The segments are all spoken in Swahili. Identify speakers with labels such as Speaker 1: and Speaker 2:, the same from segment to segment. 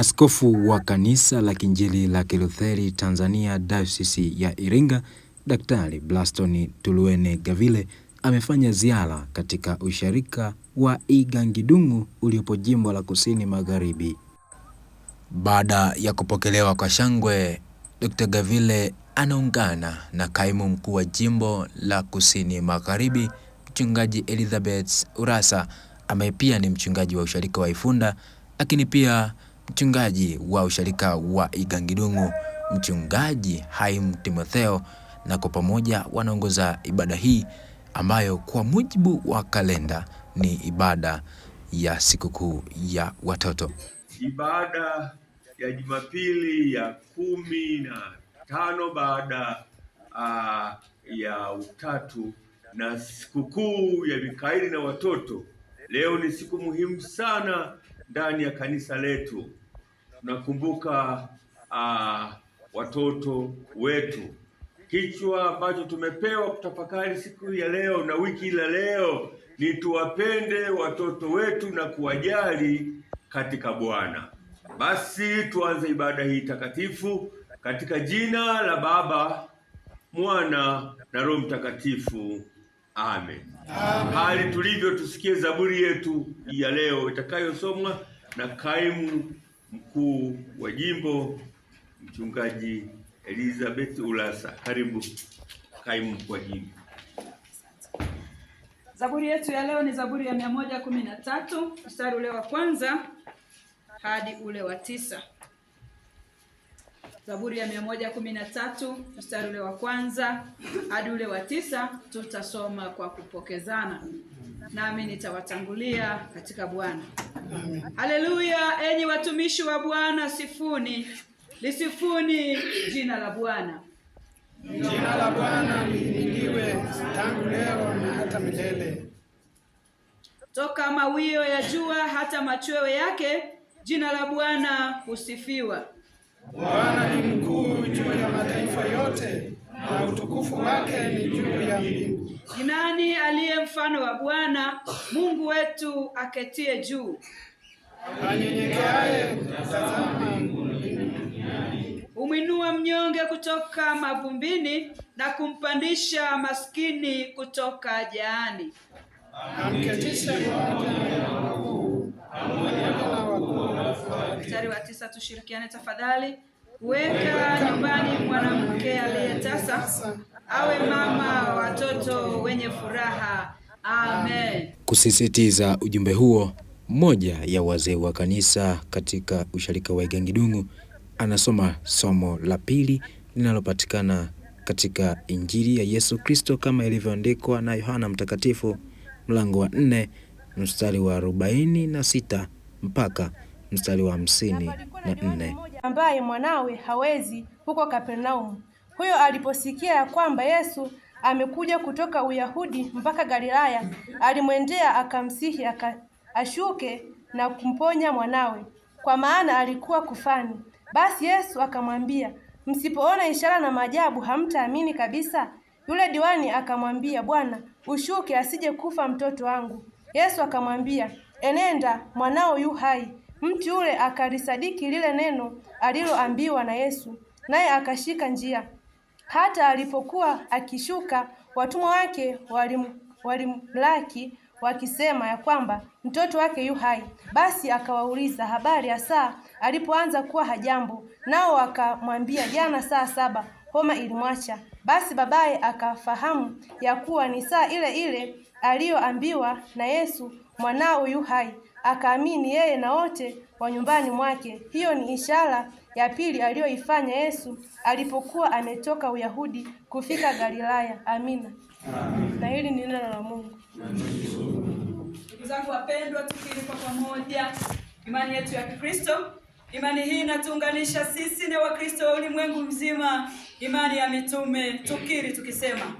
Speaker 1: Askofu wa Kanisa la Kinjili la Kilutheri Tanzania Dayosisi ya Iringa, Daktari Blaston tuluene Gavile amefanya ziara katika usharika wa Igangidung'u uliopo jimbo la Kusini Magharibi.
Speaker 2: Baada ya kupokelewa kwa shangwe, dr Gavile anaungana na kaimu mkuu wa jimbo la Kusini Magharibi, Mchungaji Elizabeth urasa ambaye pia ni mchungaji wa usharika wa Ifunda, lakini pia mchungaji wa ushirika wa Igangidungu, mchungaji Haim Timotheo, na kwa pamoja wanaongoza ibada hii ambayo kwa mujibu wa kalenda ni ibada ya sikukuu ya watoto.
Speaker 3: Ibada ya Jumapili ya kumi na tano baada uh, ya utatu na sikukuu ya Mikaeli na watoto. Leo ni siku muhimu sana ndani ya kanisa letu. Tunakumbuka uh, watoto wetu. Kichwa ambacho tumepewa kutafakari siku ya leo na wiki ya leo ni tuwapende watoto wetu na kuwajali katika Bwana. Basi tuanze ibada hii takatifu katika jina la Baba, Mwana na Roho Mtakatifu. Amen. Amen. Hali tulivyo, tusikie zaburi yetu ya leo itakayosomwa na kaimu mkuu wa jimbo Mchungaji Elizabeth Ulasa. Karibu kaimu kwa jimbo.
Speaker 4: Zaburi yetu ya leo ni Zaburi ya 113 mstari ule wa kwanza hadi ule wa tisa. Zaburi ya 113 mstari ule wa kwanza hadi ule wa tisa tutasoma kwa kupokezana nami nitawatangulia katika Bwana. Haleluya! Enyi watumishi wa Bwana, sifuni, lisifuni jina la Bwana.
Speaker 5: Jina la Bwana lihimidiwe tangu leo na hata milele.
Speaker 4: Toka mawio ya jua hata machweo yake, jina la Bwana husifiwa.
Speaker 5: Bwana ni mkuu juu ya mataifa yote, na utukufu wake ni juu ya mbingu.
Speaker 4: Ni nani aliye mfano wa Bwana Mungu wetu aketie juu,
Speaker 5: anyenyekeaye kutazama
Speaker 4: humwinua mnyonge kutoka mavumbini na kumpandisha maskini kutoka jaani,
Speaker 5: amketisha
Speaker 4: mstari wa tisa. Tushirikiane tafadhali. Weka nyumbani mwanamke aliyetasa awe mama watoto wenye furaha. Amen.
Speaker 1: Kusisitiza ujumbe huo, mmoja ya wazee wa kanisa katika usharika wa Igangidung'u anasoma somo la pili linalopatikana katika Injili ya Yesu Kristo kama ilivyoandikwa na Yohana Mtakatifu mlango wa nne mstari wa arobaini na sita mpaka mstari wa hamsini na nne
Speaker 6: ambaye mwanawe hawezi huko Kapernaumu huyo aliposikia ya kwamba Yesu amekuja kutoka Uyahudi mpaka Galilaya, alimwendea akamsihi aka, ashuke na kumponya mwanawe, kwa maana alikuwa kufani. Basi Yesu akamwambia, msipoona ishara na maajabu hamtaamini kabisa. Yule diwani akamwambia, Bwana, ushuke asije kufa mtoto wangu. Yesu akamwambia, enenda, mwanao yu hai. Mtu yule akalisadiki lile neno aliloambiwa na Yesu, naye akashika njia. Hata alipokuwa akishuka, watumwa wake walimlaki wakisema ya kwamba mtoto wake yu hai. Basi akawauliza habari ya saa alipoanza kuwa hajambo, nao wakamwambia jana saa saba homa ilimwacha. Basi babaye akafahamu ya kuwa ni saa ile ile aliyoambiwa na Yesu, mwanao yu hai, akaamini yeye na wote wa nyumbani mwake. Hiyo ni ishara ya pili aliyoifanya Yesu alipokuwa ametoka Uyahudi kufika Galilaya. Amina, Amin. Na hili ni neno la Mungu.
Speaker 7: Ndugu zangu wapendwa, tukiri kwa pamoja imani yetu ya Kikristo. Imani hii inatuunganisha sisi na Wakristo wa ulimwengu mzima, imani ya mitume. Tukiri tukisema,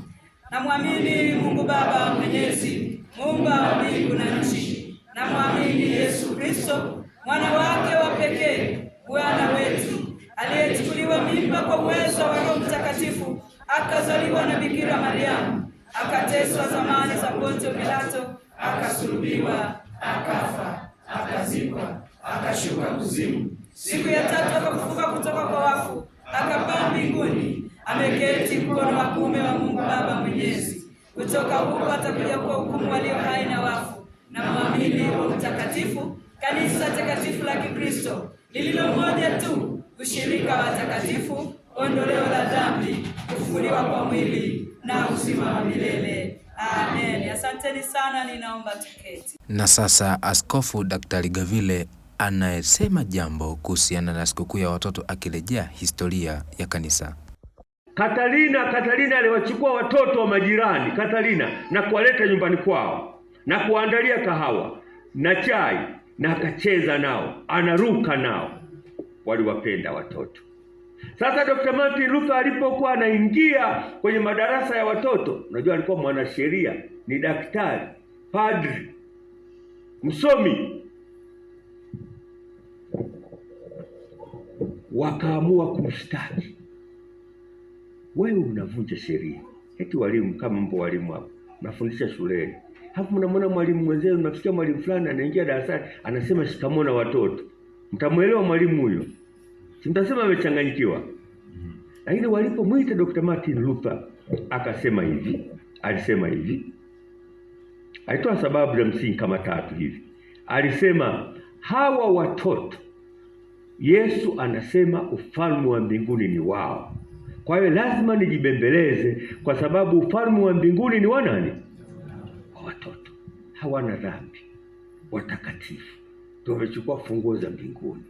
Speaker 7: namwamini Mungu Baba Mwenyezi, muumba wa mbingu na nchi, namwamini Yesu Kristo mwana wake wa pekee Bwana wetu aliyechukuliwa mimba kwa uwezo wa Roho Mtakatifu akazaliwa na Bikira Mariamu, akateswa zamani za Pontio Pilato,
Speaker 8: akasulubiwa, akafa, akazikwa, akashuka kuzimu, siku ya tatu akafufuka kutoka kwa wafu, akapaa mbinguni, ameketi mkono wa kuume wa Mungu Baba Mwenyezi. Kutoka huko atakuja kwa hukumu walio hai na wafu. Na muamini wa mtakatifu, kanisa takatifu la Kikristo lililo moja tu, ushirika wa takatifu, ondoleo la dhambi, kufufuliwa kwa mwili na uzima wa milele. Amen. Asanteni sana, ninaomba tuketi.
Speaker 1: Na sasa Askofu Daktari Gavile anayesema jambo kuhusiana na sikukuu ya watoto akirejea historia ya kanisa.
Speaker 9: Katarina, Katarina aliwachukua watoto wa majirani Katarina na kuwaleta nyumbani kwao na kuwaandalia kahawa na chai na akacheza nao, anaruka nao, waliwapenda watoto. Sasa Dr. Martin Luther alipokuwa anaingia kwenye madarasa ya watoto, unajua alikuwa mwanasheria, ni daktari, padri, msomi, wakaamua kumshtaki, wewe unavunja sheria. Eti walimu kama mbo walimu hapo, nafundisha shuleni hapo mnamwona mwalimu mwenzenu, mnafikia mwalimu fulani anaingia darasani anasema shikamoo na watoto, mtamwelewa mwalimu huyo, simtasema amechanganyikiwa. Mm-hmm. Lakini walipomwita Dr. Martin Luther akasema hivi, alisema hivi, alitoa sababu za msingi kama tatu hivi. Alisema hawa watoto Yesu anasema ufalme wa mbinguni ni wao. Kwa hiyo lazima nijibembeleze, kwa sababu ufalme wa mbinguni ni wa nani? hawana dhambi, watakatifu, ndio wamechukua funguo za mbinguni.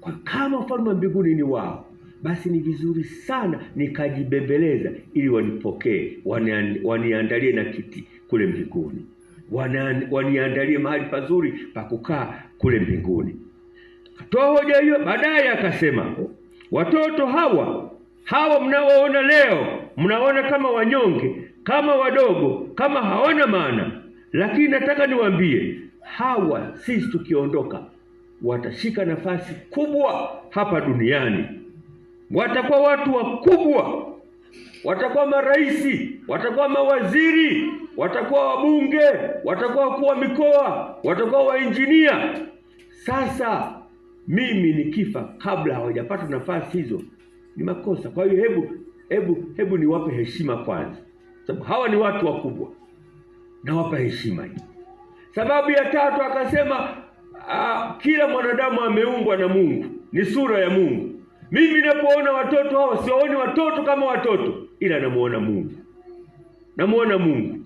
Speaker 9: Kwa kama ufalme wa mbinguni ni wao, basi ni vizuri sana nikajibembeleza ili wanipokee, waniandalie na kiti kule mbinguni, waniandalie mahali pazuri pa kukaa kule mbinguni. Toa hoja hiyo, baadaye akasema, watoto hawa hawa mnaoona leo, mnaona kama wanyonge, kama wadogo, kama hawana maana lakini nataka niwaambie hawa, sisi tukiondoka, watashika nafasi kubwa hapa duniani, watakuwa watu wakubwa, watakuwa maraisi, watakuwa mawaziri, watakuwa wabunge, watakuwa wakuu wa mikoa, watakuwa wainjinia. Sasa mimi nikifa kabla hawajapata nafasi hizo ni makosa. Kwa hiyo hebu hebu hebu niwape heshima kwanza, sababu hawa ni watu wakubwa nawapa heshima hii. Sababu ya tatu akasema, uh, kila mwanadamu ameumbwa na Mungu, ni sura ya Mungu. Mimi ninapoona watoto hawa siwaoni watoto kama watoto, ila namuona Mungu, namuona Mungu.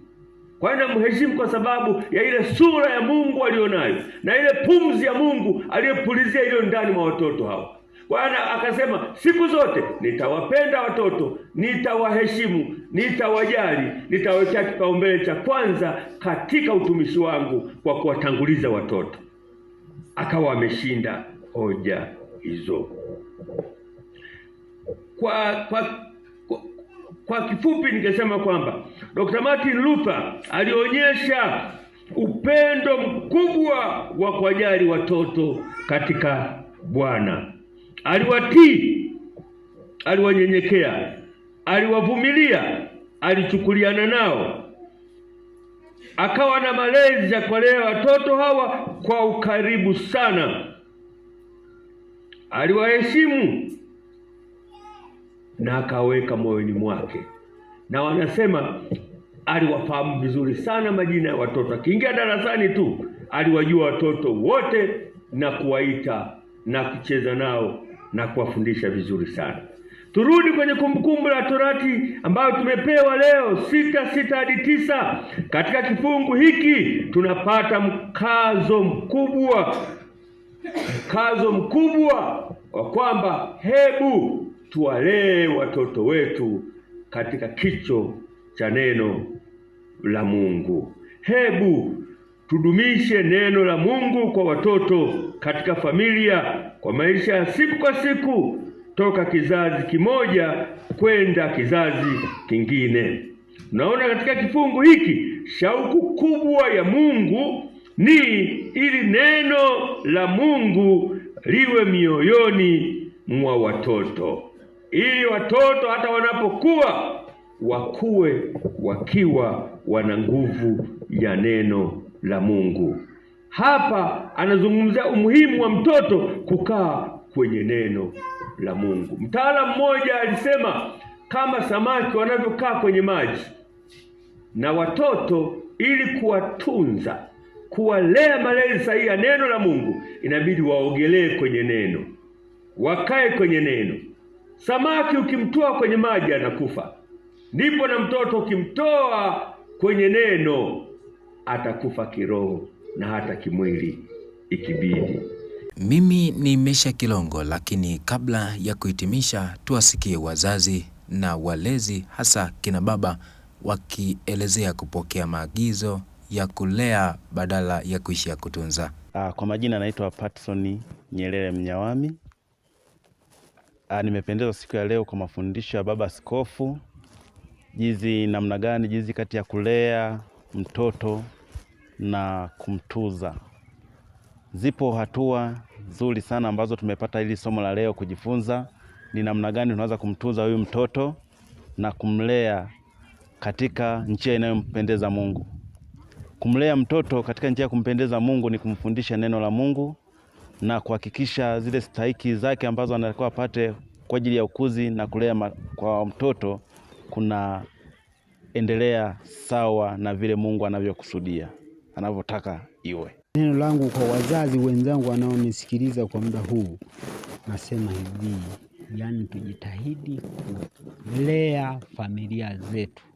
Speaker 9: Kwa hiyo namheshimu kwa sababu ya ile sura ya Mungu aliyonayo na ile pumzi ya Mungu aliyepulizia iliyo ndani mwa watoto hawa. Bwana akasema siku zote nitawapenda watoto, nitawaheshimu, nitawajali, nitawawekea kipaumbele cha kwanza katika utumishi wangu kwa kuwatanguliza watoto. Akawa ameshinda hoja hizo. Kwa, kwa kwa kifupi ningesema kwamba Dr. Martin Luther alionyesha upendo mkubwa wa kuwajali watoto katika Bwana aliwatii, aliwanyenyekea, aliwavumilia, alichukuliana nao, akawa na malezi ya kuwalea watoto hawa kwa ukaribu sana, aliwaheshimu na akaweka moyoni mwake, na wanasema aliwafahamu vizuri sana majina ya watoto. Akiingia darasani tu aliwajua watoto wote na kuwaita na kucheza nao na kuwafundisha vizuri sana. Turudi kwenye Kumbukumbu la Torati ambayo tumepewa leo sita sita hadi tisa. Katika kifungu hiki tunapata mkazo mkubwa, mkazo mkubwa wa kwamba hebu tuwalee watoto wetu katika kicho cha neno la Mungu. Hebu Tudumishe neno la Mungu kwa watoto katika familia kwa maisha ya siku kwa siku toka kizazi kimoja kwenda kizazi kingine. Tunaona katika kifungu hiki shauku kubwa ya Mungu ni ili neno la Mungu liwe mioyoni mwa watoto, ili watoto hata wanapokuwa wakuwe wakiwa wana nguvu ya neno la Mungu. Hapa anazungumzia umuhimu wa mtoto kukaa kwenye neno la Mungu. Mtaalamu mmoja alisema kama samaki wanavyokaa kwenye maji, na watoto ili kuwatunza, kuwalea malezi sahihi ya neno la Mungu, inabidi waogelee kwenye neno, wakae kwenye neno. Samaki ukimtoa kwenye maji anakufa, ndipo na mtoto ukimtoa kwenye neno atakufa kiroho na hata kimwili ikibidi.
Speaker 1: Mimi ni Mesha Kilongo, lakini kabla ya kuhitimisha, tuwasikie wazazi na walezi, hasa kina baba wakielezea kupokea maagizo ya kulea badala ya kuishi ya kutunza.
Speaker 10: Aa, ah, kwa majina naitwa Patson Nyerere Mnyawami. Ah, nimependezwa siku ya leo kwa mafundisho ya baba askofu, jizi namna gani, jizi kati ya kulea mtoto na kumtuza. Zipo hatua nzuri sana ambazo tumepata hili somo la leo kujifunza ni namna gani tunaweza kumtuza huyu mtoto na kumlea katika njia inayompendeza Mungu. Kumlea mtoto katika njia ya kumpendeza Mungu ni kumfundisha neno la Mungu na kuhakikisha zile stahiki zake ambazo anatakiwa apate kwa ajili ya ukuzi na kulea kwa mtoto kuna endelea sawa na vile Mungu anavyokusudia, anavyotaka iwe.
Speaker 11: Neno langu kwa wazazi wenzangu wanaonisikiliza kwa muda huu, nasema hivi, yaani tujitahidi kulea familia zetu